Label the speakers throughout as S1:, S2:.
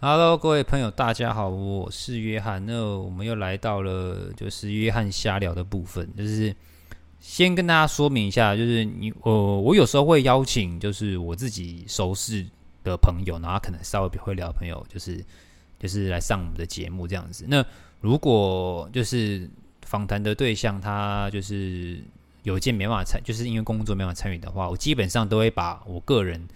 S1: Hello，各位朋友，大家好，我是約翰。那我們又來到了就是約翰瞎聊的部分，就是先跟大家說明一下，就是你，我我有時候會邀請就是我自己熟識的朋友，然後可能稍微會聊朋友，就是就是來上我們的節目這樣子。那如果就是訪談的對象他就是有一件沒辦法參，就是因為工作沒辦法參與的話，我基本上都會把我個人。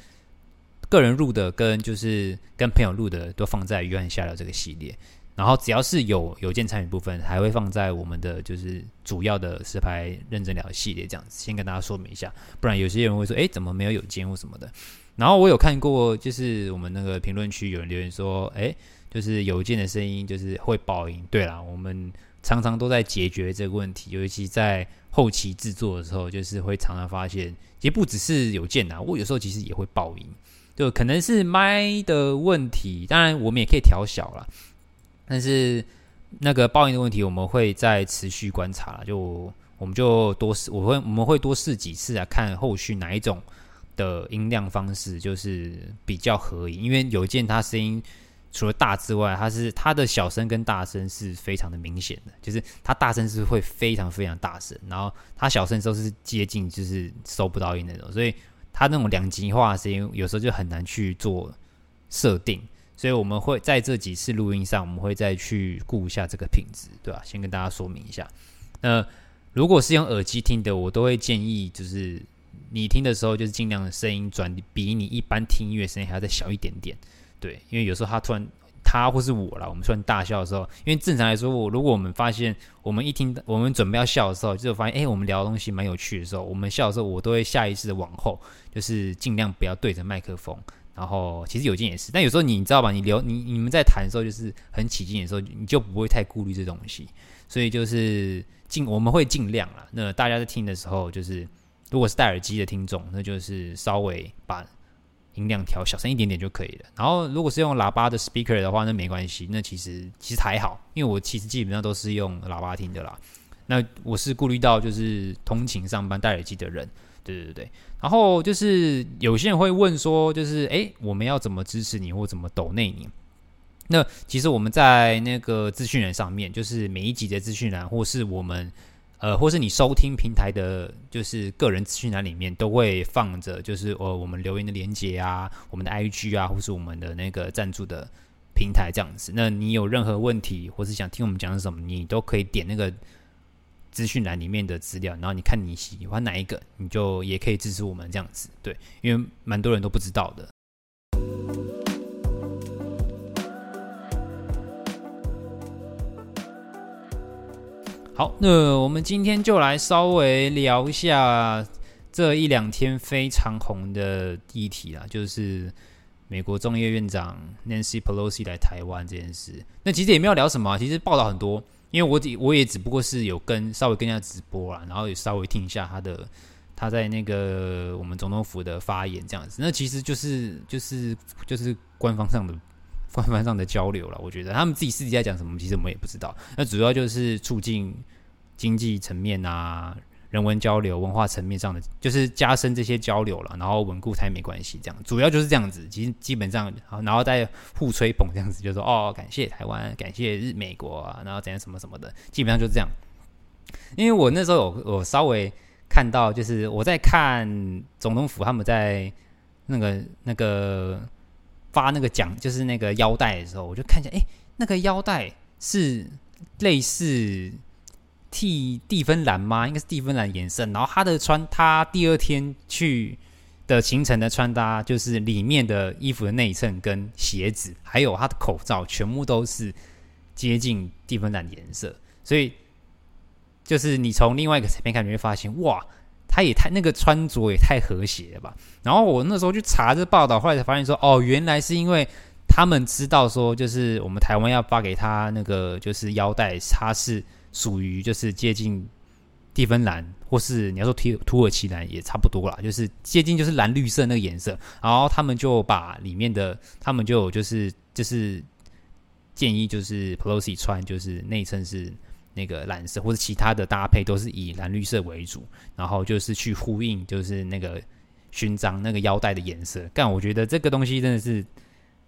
S1: 個人錄的跟就是跟朋友錄的都放在約翰瞎聊這個系列，然後只要是有有健參與部分，還會放在我們的就是主要的實拍認真聊系列這樣子，先跟大家說明一下，不然有些人會說，哎，怎麼沒有有健或什麼的？然後我有看過，就是我們那個評論區有人留言說，哎，就是有健的聲音就是會爆音。對啦，我們常常都在解決這個問題，尤其在後期制作的時候，就是會常常發現，其實不只是有健啊，我有時候其實也會爆音。就可能是麥的問題，當然我們也可以調小啦，但是那個爆音的問題，我們會再持續觀察啦，就我們就多試，我會我們會多試幾次啊，看後續哪一種的音量方式就是比較合理，因為有一件它聲音除了大之外，它是它的小聲跟大聲是非常的明顯的，就是它大聲是會非常非常大聲，然後它小聲時候是接近就是收不到音的那種，所以。它那種兩極化的聲音，有時候就很難去做設定，所以我們會在這幾次錄音上，我們會再去顧一下這個品質，對吧、啊？先跟大家說明一下。那如果是用耳機聽的，我都會建議，就是你聽的時候，就是盡量的聲音轉比你一般聽音樂聲音還要再小一點點，對，因為有時候它突然。他或是我啦，我們算大笑的時候，因為正常來說，我如果我們發現我們一聽，我們準備要笑的時候，就發現，誒、欸，我們聊的東西蠻有趣的時候，我們笑的時候，我都會下意識的往後，就是盡量不要對着麥克風。然後，其實有件也是，但有時候你知道吧，你聊你你們在談的時候，就是很起勁的時候，你就不會太顧慮這東西。所以就是盡我們會盡量啦。那大家在聽的時候，就是如果是戴耳機的聽眾，那就是稍微把。音量調小聲一點點就可以了。然後，如果是用喇叭的 speaker 的話，那沒關係。那其實其實還好，因為我其實基本上都是用喇叭聽的啦。那我是顧慮到就是通勤上班戴耳機的人，對對對。然後就是有些人會問說，就是誒、欸，我們要怎麼支持你或怎麼抖內你？那其實我們在那個資訊欄上面，就是每一集的資訊欄或是我們。呃，或是你收聽平台的，就是個人資訊欄裡面都會放着，就是我、呃、我們留言的鏈接啊，我們的 IG 啊，或是我們的那個贊助的平台這樣子。那你有任何問題，或是想聽我們講什麼，你都可以點那個資訊欄裡面的資料，然後你看你喜歡哪一個，你就也可以支持我們這樣子。對，因為蠻多人都不知道的。好，那我們今天就來稍微聊一下這一兩天非常紅的議題啦，就是美國眾議院院長 Nancy Pelosi 來台灣這件事。那其實也沒有聊什麼，其實報道很多，因為我我也只不過是有跟稍微跟一下直播啊，然後也稍微聽一下他的他在那個我們總統府的發言這樣子。那其實就是就是就是官方上的。官方上的交流了，我覺得他們自己私底下講什麼，其實我們也不知道。那主要就是促進經濟層面啊、人文交流、文化層面上的，就是加深這些交流了，然後穩固台美關係，這樣主要就是這樣子。其實基本上，然後再互吹捧這樣子就是，就說哦，感謝台灣，感謝日美國，啊，然後怎樣什麼什麼的，基本上就是這樣。因為我那時候有我稍微看到，就是我在看總統府他們在那個那個。發那個獎，就是那個腰帶的時候，我就看見哎，那個腰帶是類似替蒂芬藍嗎？應該是蒂芬藍顏色。然後他的穿，他第二天去的行程的穿搭，就是裡面的衣服的內襯跟鞋子，還有他的口罩，全部都是接近蒂芬藍的顏色。所以就是你從另外一個側面看，你會發現哇。他也太那個穿着也太和諧了吧？然後我那時候去查這報道，後來才發現說，哦，原來是因為他們知道說，就是我們台灣要發給他那個就是腰帶，它是屬於就是接近蒂芬藍，或是你要說土土耳其藍也差不多啦，就是接近就是藍綠色那個顏色。然後他們就把裡面的，他們就就是就是建議就是 Pelosi 穿，就是內襯是。那個藍色或者其他的搭配都是以藍綠色為主，然後就是去呼應就是那個勳章那個腰帶的顏色。但我覺得這個東西真的是，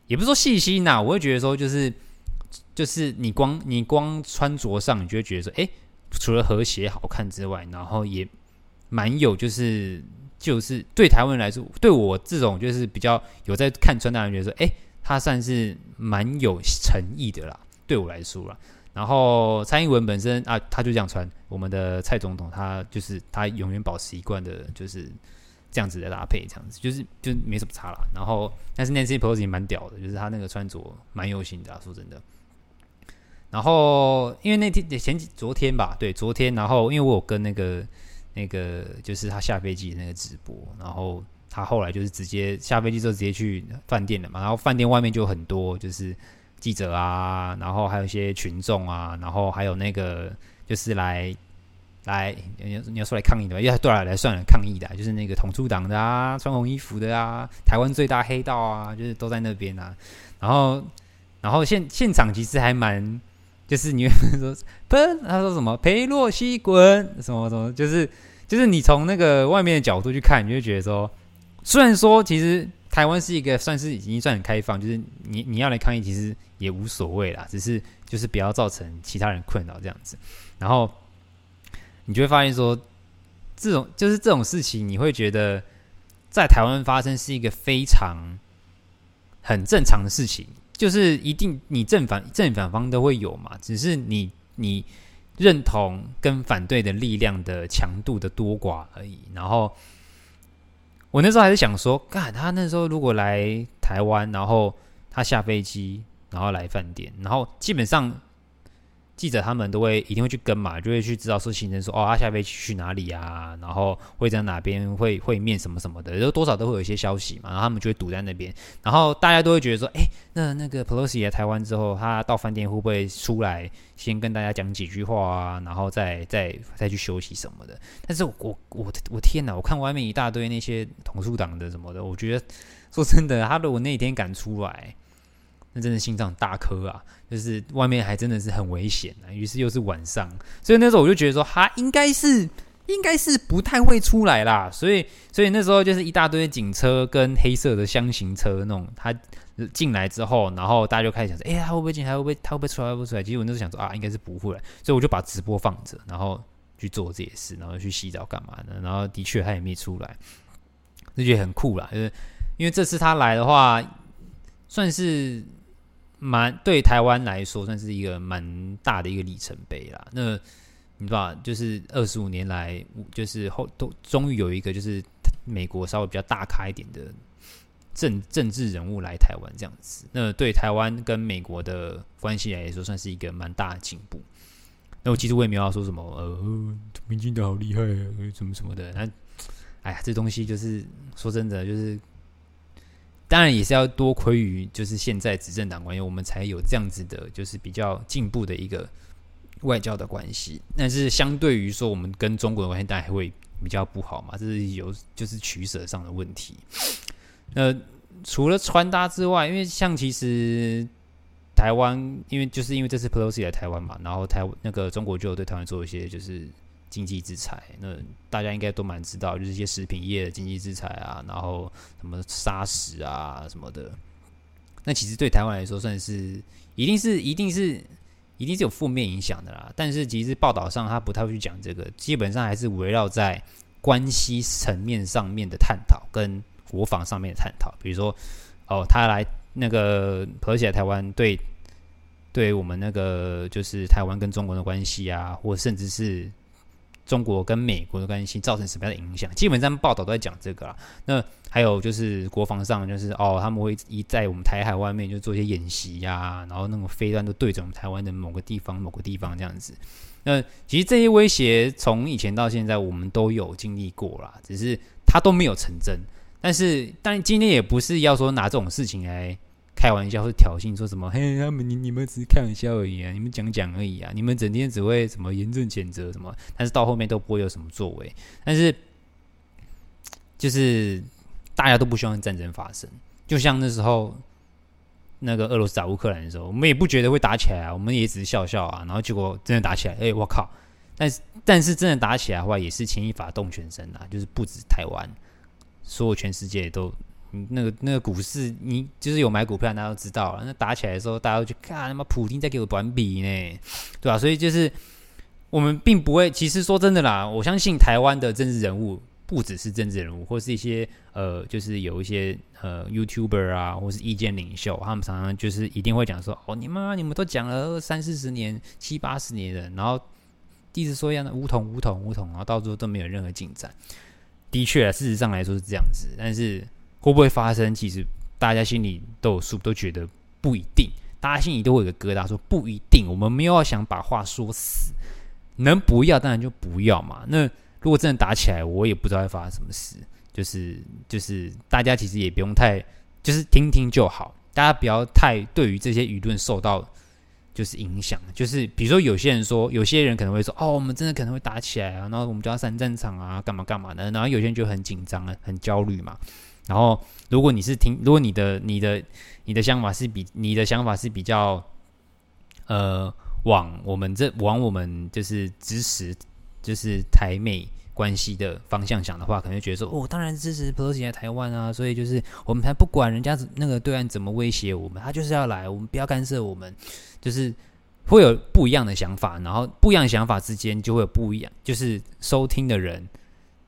S1: 也不是說細心吶，我會覺得說就是就是你光你光穿着上，你就會覺得說，哎，除了和諧好看之外，然後也蠻有就是就是對台灣人來說，對我這種就是比較有在看穿搭的人，覺得說，哎，他算是蠻有誠意的啦，對我來說啦。然後蔡英文本身啊，他就這樣穿。我們的蔡總統他就是他永遠保持一貫的，就是這樣子的搭配，這樣子就是就沒什麼差啦。然後但是 Nancy Pelosi 也蠻屌的，就是他那個穿着蠻有型的，啊，說真的。然後因為那天前幾，昨天吧，對昨天，然後因為我有跟那個那個就是他下飛機的那個直播，然後他後來就是直接下飛機之後直接去飯店了嘛，然後飯店外面就很多就是。記者啊，然後還有一些群眾啊，然後還有那個就是來來你要你要說來抗議的吧，因要多少來，來算來抗議的，啊，就是那個統促黨的啊，穿紅衣服的啊，台灣最大黑道啊，就是都在那邊啊。然後然後現現場其實還蠻，就是你會說噴，他說什麼裴洛西滾什麼什麼，就是就是你從那個外面的角度去看，你就會覺得說，雖然說其實。台灣是一個算是已經算很開放，就是你你要來抗議，其實也無所謂啦，只是就是不要造成其他人困擾這樣子。然後你就會發現說，這種就是這種事情，你會覺得在台灣發生是一個非常很正常的事情，就是一定你正反正反方都會有嘛，只是你你認同跟反對的力量的強度的多寡而已。然後。我那時候還是想說，看他那時候如果來台灣，然後他下飛機，然後來飯店，然後基本上。記者他們都會一定會去跟嘛，就會去知道說行程說，說哦，他、啊、下飛機去哪裡啊，然後會在哪邊會會面什麼什麼的，都多少都會有一些消息嘛。然後他們就會堵在那邊，然後大家都會覺得說，哎、欸，那那個 Pelosi 來台灣之後，他到飯店會不會出來先跟大家講幾句話啊？然後再再再，再去休息什麼的？但是我我我，我天哪！我看外面一大堆那些統促黨的什麼的，我覺得說真的，他如果那天敢出來。那真的心臟大顆啊，就是外面還真的是很危險啊。於是又是晚上，所以那時候我就覺得說，他應該是應該是不太會出來啦。所以所以那時候就是一大堆警車跟黑色的箱型車那種，他進來之後，然後大家就開始想說，哎、欸，他會不會進？還會不會？他會不會出來？會不會出來？其實我那時候想說啊，應該是不會來。所以我就把直播放着，然後去做這些事，然後去洗澡幹嘛的。然後的確他也沒出來，就覺得很酷啦。就是因為這次他來的話，算是。蠻對台灣來說，算是一個蠻大的一個里程碑啦。那你知道，就是二十五年來，就是後都終於有一個就是美國稍微比較大咖一點的政政治人物來台灣這樣子。那對台灣跟美國的關係來說，算是一個蠻大的進步。嗯、那我其實我也沒有要說什麼，呃，民進黨好厲害啊，什麼什麼的。那，哎呀，這東西就是說真的，就是。當然也是要多虧於就是現在執政黨官員，我們才有這樣子的，就是比較進步的一個外交的關係。但是相對於說，我們跟中國的關係，當然還會比較不好嘛，這是有就是取捨上的問題。呃，除了穿搭之外，因為像其實台灣，因為就是因為這次 Pelosi 來台灣嘛，然後台灣那個中國就有對台灣做一些就是。經濟制裁，那大家應該都蠻知道，就是一些食品業的經濟制裁啊，然後什麼砂石啊什麼的。那其實對台灣來說，算是一定是一定是一定是有負面影響的啦。但是其實報道上他不太會去講這個，基本上還是圍繞在關係層面上面的探討，跟國防上面的探討。比如說，哦，他來那個和諧台灣對，對我們那個就是台灣跟中國的關係啊，或甚至是。中國跟美國的關係造成什麼樣的影響？基本上報道都在講這個啦。那還有就是國防上，就是哦，他們會一在我們台海外面就做一些演習呀，啊，然後那種飛彈都對準我們台灣的某個地方，某個地方這樣子。那其實這些威脅從以前到現在我們都有經歷過啦，只是它都沒有成真。但是，但今天也不是要說拿這種事情來。開玩笑或是挑釁，說什麼？嘿，他們，你你們只是開玩笑而已啊，你們講講而已啊，你們整天只會什麼嚴正譴責什麼，但是到後面都不會有什麼作為。但是，就是大家都不希望戰爭發生。就像那時候，那個俄羅斯打烏克蘭的時候，我們也不覺得會打起來啊，我們也只是笑笑啊，然後結果真的打起來，哎、欸，我靠！但是但是真的打起來的話，也是牽一髮動全身啊，就是不止台灣，所有全世界都。那個那個股市，你就是有買股票，大家都知道了。那打起來的時候，大家都去看他媽普丁在給我短筆呢，對吧、啊？所以就是我們並不會。其實說真的啦，我相信台灣的政治人物不只是政治人物，或是一些呃，就是有一些呃 YouTuber 啊，或是意見領袖，他們常常就是一定會講說：“哦，你媽，你們都講了三四十年、七八十年的，然後一直說一樣的武統、武統、武統，然後到最後都沒有任何進展。”的確，事實上來說是這樣子，但是。會不會發生？其實大家心裡都有數，都覺得不一定。大家心裡都會有個疙瘩說，說不一定。我們沒有要想把話說死，能不要當然就不要嘛。那如果真的打起來，我也不知道會發生什麼事。就是就是，大家其實也不用太，就是聽聽就好。大家不要太對於這些輿論受到就是影響。就是比如說有些人說，有些人可能會說，哦，我們真的可能會打起來啊，然後我們就要上戰場啊，幹嘛幹嘛的。然後有些人就很緊張啊，很焦慮嘛。然後，如果你是聽，如果你的、你的、你的想法是比你的想法是比較，呃，往我們這往我們就是支持就是台美關係的方向想的話，可能覺得說，哦，當然支持裴洛西在台灣啊，所以就是我們才不管人家那個對岸怎麼威脅我們，他就是要來，我們不要干涉，我們就是會有不一樣的想法，然後不一樣的想法之間就會有不一樣，就是收聽的人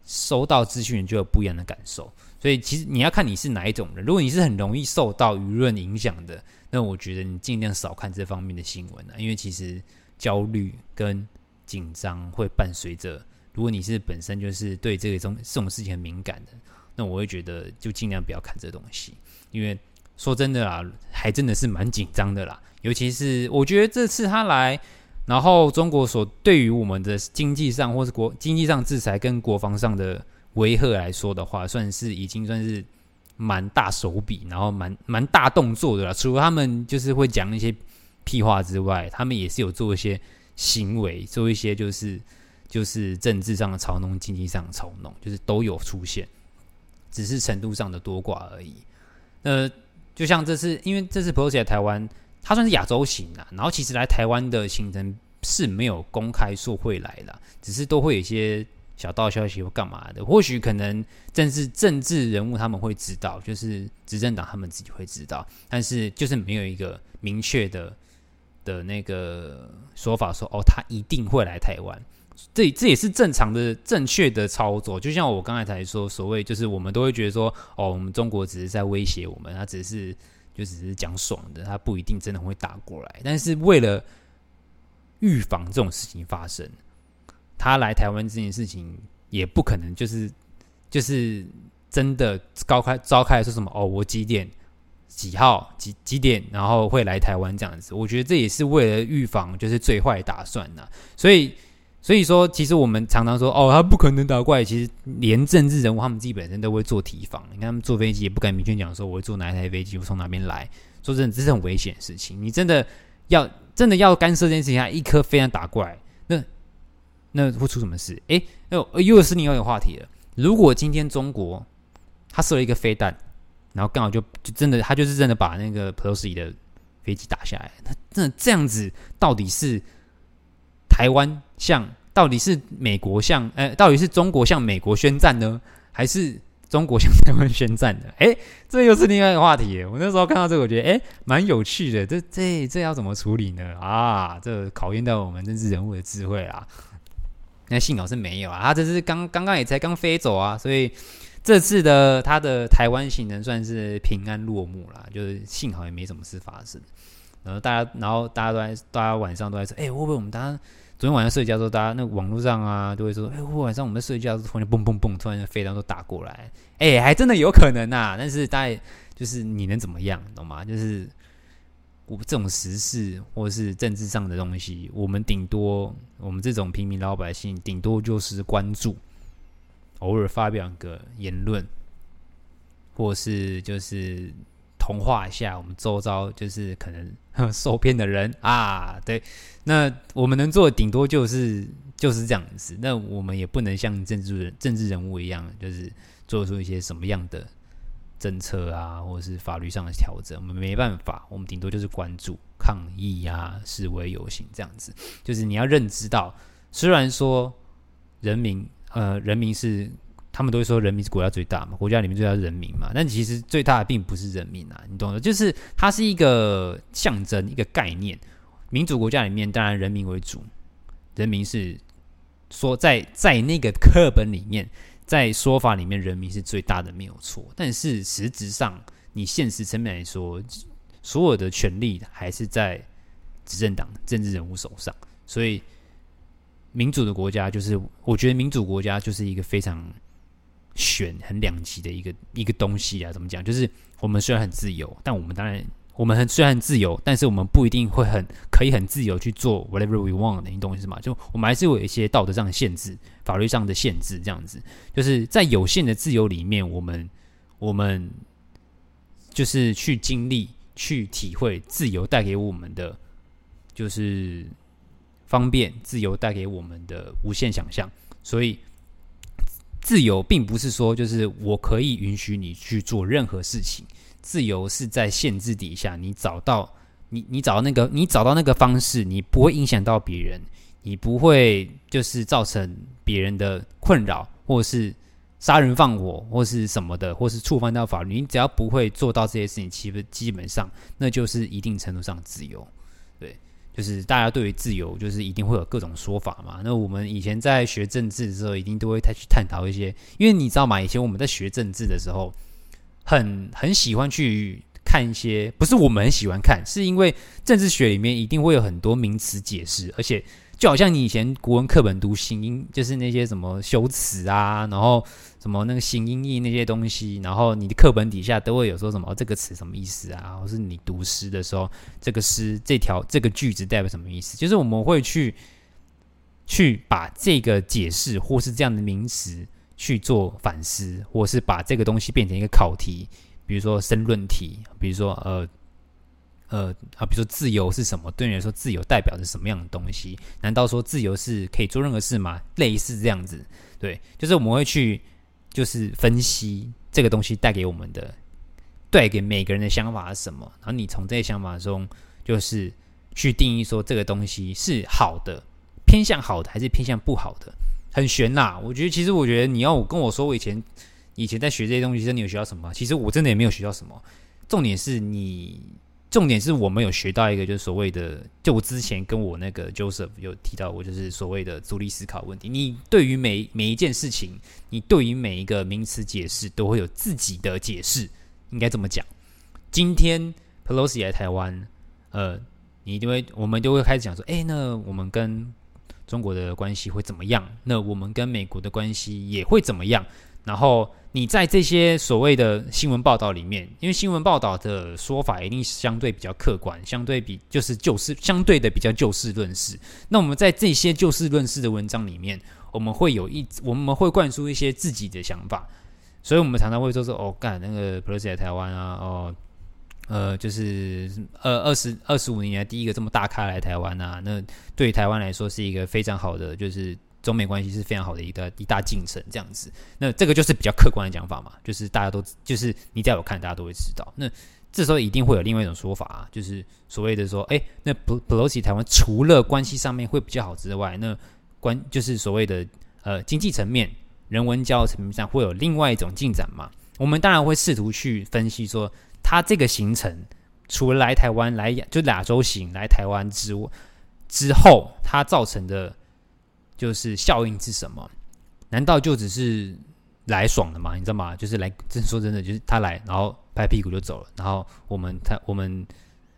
S1: 收到資訊就有不一樣的感受。所以，其實你要看你是哪一種人。如果你是很容易受到輿論影響的，那我覺得你盡量少看這方面的新聞了啊。因為其實焦慮跟緊張會伴隨着。如果你是本身就是對這個種這種事情很敏感的，那我會覺得就盡量不要看這東西。因為說真的啦，還真的是蠻緊張的啦。尤其是我覺得這次他來，然後中國所對於我們的經濟上或是國經濟上制裁跟國防上的，威嚇來說的話，算是已經算是蠻大手筆，然後蠻蠻大動作的啦。除了他們就是會講一些屁話之外，他們也是有做一些行為，做一些就是就是政治上的操弄、經濟上的操弄，就是都有出現，只是程度上的多寡而已。那就像這次，因為這次裴洛西在台灣，他算是亞洲行啊，然後其實來台灣的行程是沒有公開說會來的，只是都會有一些。小道消息或幹嘛的，或許可能政治政治人物他們會知道，就是執政黨他們自己會知道，但是就是沒有一個明確的的那個說法說，說哦，他一定會來台灣。這這也是正常的、正確的操作。就像我剛才才說，所謂就是我們都會覺得說，哦，我們中國只是在威脅我們，他只是就只是講爽的，他不一定真的會打過來。但是為了預防這種事情發生。他來台灣這件事情也不可能，就是就是真的高開召開說什麼哦，我幾點幾號幾幾點，然後會來台灣這樣子。我覺得這也是為了預防，就是最壞打算呢、啊。所以所以說，其實我們常常說哦，他不可能打過來，其實連政治人物他們自己本身都會做提防。你看他們坐飛機也不敢明確講說我會坐哪一台飛機，我從哪邊來。說真的，這是很危險的事情。你真的要真的要干涉這件事情，他一顆飛彈打過來。那。那會出什麼事？哎、欸，又又是另一個話題了。如果今天中國他射了一個飛彈，然後剛好就就真的，他就是真的把那個裴洛西的飛機打下來那，那這樣子到底是台灣向，到底是美國向，哎、欸，到底是中國向美國宣戰呢，還是中國向台灣宣戰呢？哎、欸，這又是另外一個話題。我那時候看到這個，我覺得哎，蠻、欸、有趣的。這這這要怎麼處理呢？啊，這考驗到我們政治人物的智慧啊！那幸好是沒有啊，他這次剛剛剛也才剛飛走啊，所以這次的他的台灣行程算是平安落幕啦，就是幸好也沒什麼事發生。然後大家，然後大家都在，大家晚上都在說，哎，會不會我們大家昨天晚上睡覺的時候，大家那個網絡上啊，都會說，哎，會不會晚上我們在睡覺，突然嘣嘣嘣，突然就飛到都打過來，哎，還真的有可能吶、啊。但是大家就是你能怎麼樣，懂嗎？就是。我這種時事或是政治上的東西，我們頂多我們這種平民老百姓，頂多就是關注，偶爾發表一個言論，或是就是同化一下我們周遭就是可能受騙的人啊。對，那我們能做的頂多就是就是這樣子。那我們也不能像政治人政治人物一樣，就是做出一些什麼樣的。政策啊，或者是法律上的調整，我們沒辦法。我們頂多就是關注抗議啊、示威遊行這樣子。就是你要認知到，雖然說人民呃，人民是他們都會說人民是國家最大嘛，國家裡面最大是人民嘛。但其實最大的並不是人民啊，你懂的。就是它是一個象徵，一個概念。民主國家裡面當然人民為主，人民是說在在那個課本裡面。在說法裡面，人民是最大的沒有錯，但是實質上，你現實層面來說，所有的權力還是在執政黨政治人物手上。所以，民主的國家就是，我覺得民主國家就是一個非常懸、很兩極的一個一個東西啊。怎麼講？就是我們雖然很自由，但我們當然。我們很雖然自由，但是我們不一定會很可以很自由去做 whatever we want 的一些東西，是嗎？就我們還是有一些道德上的限制，法律上的限制，這樣子。就是在有限的自由裡面，我們我們就是去經歷、去體會自由帶給我們的，就是方便。自由帶給我們的無限想象。所以，自由並不是說就是我可以允許你去做任何事情。自由是在限制底下，你找到你你找到那個你找到那個方式，你不會影響到別人，你不會就是造成別人的困擾，或是殺人放火，或是什麼的，或是觸犯到法律，你只要不會做到這些事情，基本基本上那就是一定程度上自由。對，就是大家對於自由就是一定會有各種說法嘛。那我們以前在學政治的時候，一定都會去探討一些，因為你知道嘛，以前我們在學政治的時候。很很喜歡去看一些，不是我們很喜歡看，是因為政治學裡面一定會有很多名詞解釋，而且就好像你以前國文課本讀形音，就是那些什麼修辭啊，然後什麼那個形音義那些東西，然後你的課本底下都會有說什麼這個詞什麼意思啊，或是你讀詩的時候，這個詩這條這個句子代表什麼意思，就是我們會去去把這個解釋或是這樣的名詞，去做反思，或是把這個東西變成一個考題，比如說申論題，比如說呃呃啊，比如說自由是什麼？對你來說，自由代表着什麼樣的東西？難道說自由是可以做任何事嗎？類似這樣子，對，就是我們會去就是分析這個東西帶給我們的，帶給每個人的想法是什麼，然後你從這些想法中，就是去定義說這個東西是好的，偏向好的還是偏向不好的？很懸吶、啊！我覺得，其實我覺得你要我跟我說，我以前以前在學這些東西，真的有學到什麼？其實我真的也沒有學到什麼。重點是你，重點是我們有學到一個，就是所謂的，就我之前跟我那個 Joseph 有提到過，就是所謂的獨立思考問題。你對於每每一件事情，你對於每一個名詞解釋，都會有自己的解釋。應該怎麼講，今天 Pelosi 來台灣，呃，你就會我們就會開始講說，哎、欸，那我們跟。中國的關係會怎麼樣？那我們跟美國的關係也會怎麼樣？然後你在這些所謂的新聞報道裡面，因為新聞報道的說法一定是相對比較客觀，相對比就是就事相對的比較就事論事。那我們在這些就事論事的文章裡面，我們會有一我們會灌輸一些自己的想法，所以我們常常會說說哦，幹那個裴洛西在台灣啊，哦。呃，就是呃二十二十五年來第一個這麼大咖來台灣吶，啊，那對台灣來說是一個非常好的，就是中美關係是非常好的一個一大進程這樣子。那這個就是比較客觀的講法嘛，就是大家都就是你只要有看，大家都會知道。那這時候一定會有另外一種說法啊，就是所謂的說，哎、欸，那裴、裴洛西台灣除了關係上面會比較好之外，那關就是所謂的呃經濟層面、人文交流層面上會有另外一種進展嘛。我們當然會試圖去分析說。他這個行程，除了來台灣來就亞洲行，來台灣之之後他造成的就是效應是什麼？難道就只是來爽的嗎？你知道嗎？就是來，真說真的，就是他來，然後拍屁股就走了，然後我們台我們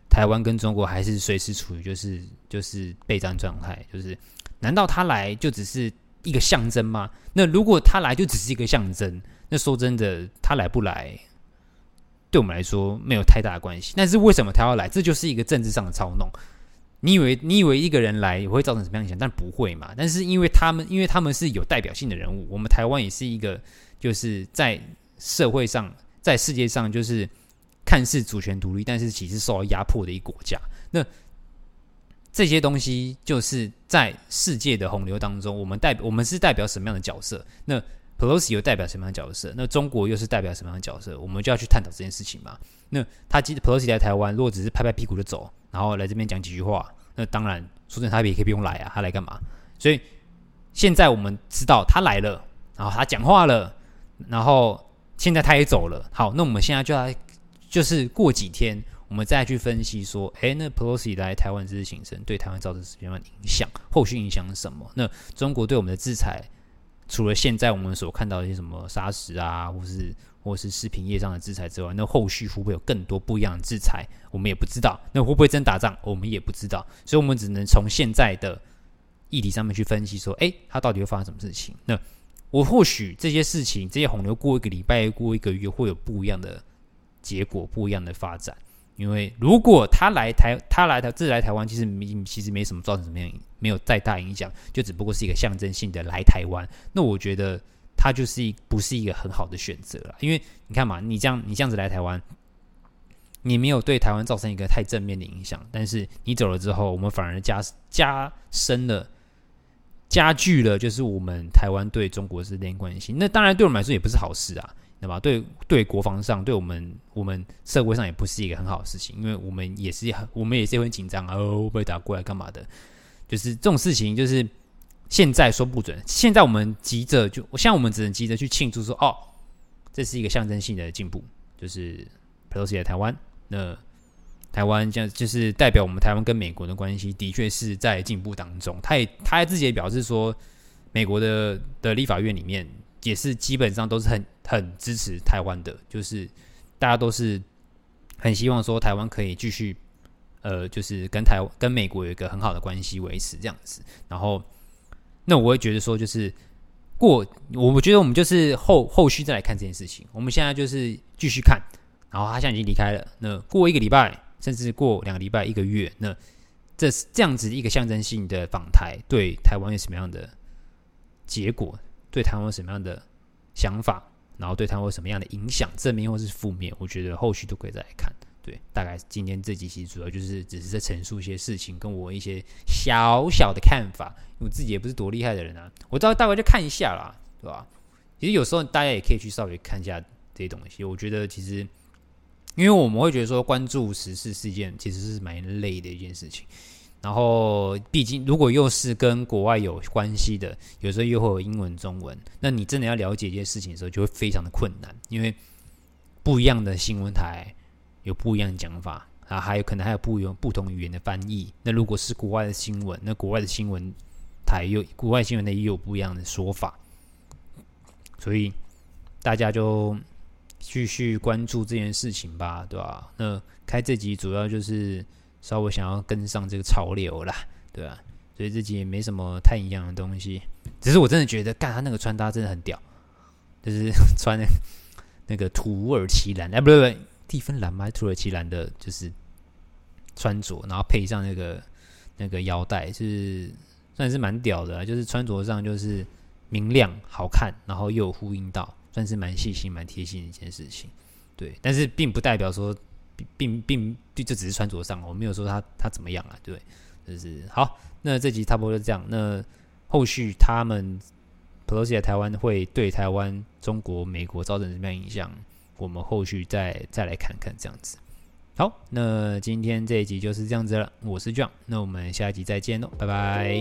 S1: 台灣跟中國還是隨時處於就是就是備戰狀態。就是難道他來就只是一個象徵嗎？那如果他來就只是一個象徵，那說真的，他來不來？對我們來說沒有太大的關係，但是為什麼他要來？這就是一個政治上的操弄。你以為你以為一個人來也會造成什麼樣的影響？但不會嘛。但是因為他們因為他們是有代表性的人物，我們台灣也是一個就是在社會上在世界上就是看似主權獨立，但是其實受到壓迫的一個國家。那這些東西就是在世界的洪流當中，我們代我們是代表什麼樣的角色？那 Pelosi 又代表什麼樣的角色？那中國又是代表什麼樣的角色？我們就要去探討這件事情嘛。那他其實 Pelosi 來台灣，如果只是拍拍屁股就走，然後來這邊講幾句話，那當然，說真的他也可以不用來啊，他來幹嘛？所以現在我們知道他來了，然後他講話了，然後現在他也走了。好，那我們現在就要就是過幾天，我們再去分析說，誒，那 Pelosi 來台灣這次行程對台灣造成什麼樣的影響？後續影響是什麼？那中國對我們的制裁？除了現在我們所看到的一些什麼沙石啊，或是或是食品業上的制裁之外，那後續會不會有更多不一樣的制裁？我們也不知道。那會不會真打仗？我們也不知道。所以，我們只能從現在的議題上面去分析，說：哎、欸，它到底會發生什麼事情？那我或許這些事情，這些洪流過一個禮拜、過一個月，會有不一樣的結果，不一樣的發展。因為如果他來台，他來台，自來台灣其實沒，其實沒什麼造成什麼樣，沒有再大影響，就只不過是一個象徵性的來台灣。那我覺得他就是不是一個很好的選擇啦。因為你看嘛，你這樣你這樣子來台灣，你沒有對台灣造成一個太正面的影響，但是你走了之後，我們反而加加深了、加劇了，就是我們台灣對中國之間關係。那當然對我們來說也不是好事啊。那麼對對，國防上，對我們我們社會上也不是一個很好的事情，因為我們也是很，我們也是很緊張啊、哦，被打過來幹嘛的？就是這種事情，就是現在說不準。現在我們急着，就像我們只能急着去慶祝，說哦，這是一個象徵性的進步，就是 Pelosi 在台灣。那台灣這樣，就是代表我們台灣跟美國的關係的確是在進步當中。他也他自己也表示說，美國的的立法院裡面。也是基本上都是很很支持台灣的，就是大家都是很希望說台灣可以繼續呃，就是跟台跟美國有一個很好的關係維持這樣子。然後，那我會覺得說，就是過我覺得我們就是後後續再來看這件事情。我們現在就是繼續看，然後他現在已經離開了。那過一個禮拜，甚至過兩個禮拜、一個月，那這是這樣子一個象徵性的訪台，對台灣有什麼樣的結果？對他們有什麼樣的想法，然後對他們有什麼樣的影響，正面或是負面，我覺得後續都可以再來看。對，大概今天這集主要就是只是在陳述一些事情，跟我一些小小的看法。我自己也不是多厲害的人啊，我知道大概就看一下啦，對吧？其實有時候大家也可以去稍微看一下這些東西。我覺得其實，因為我們會覺得說，關注時事事件其實是蠻累的一件事情。然後，畢竟如果又是跟國外有關係的，有時候又會有英文、中文，那你真的要了解這些事情的時候，就會非常的困難，因為不一樣的新聞台有不一樣的講法啊，還有可能還有不有不同語言的翻譯。那如果是國外的新聞，那國外的新聞台有國外新聞台也有不一樣的說法，所以大家就繼續關注這件事情吧，對吧？那開這集主要就是。稍微想要跟上這個潮流啦，對吧、啊？所以自己也沒什麼太一樣的東西，只是我真的覺得，幹他那個穿搭真的很屌，就是穿那個那個土耳其藍，哎，不對不對，蒂芬藍嗎？土耳其藍的，就是穿着，然後配上那個那個腰帶，就是算是蠻屌的，就是穿着上就是明亮好看，然後又有呼應到，算是蠻細心、蠻貼心的一件事情，對。但是並不代表說。並並就這只是穿着上，我沒有說他他怎麼樣啊，對，就是好。那這集差不多是這樣，那後續他們裴洛西來台灣會對台灣、中國、美國造成什麼樣影響？我們後續再再來看看這樣子。好，那今天這一集就是這樣子了。我是 John，那我們下一集再見嘍，拜拜。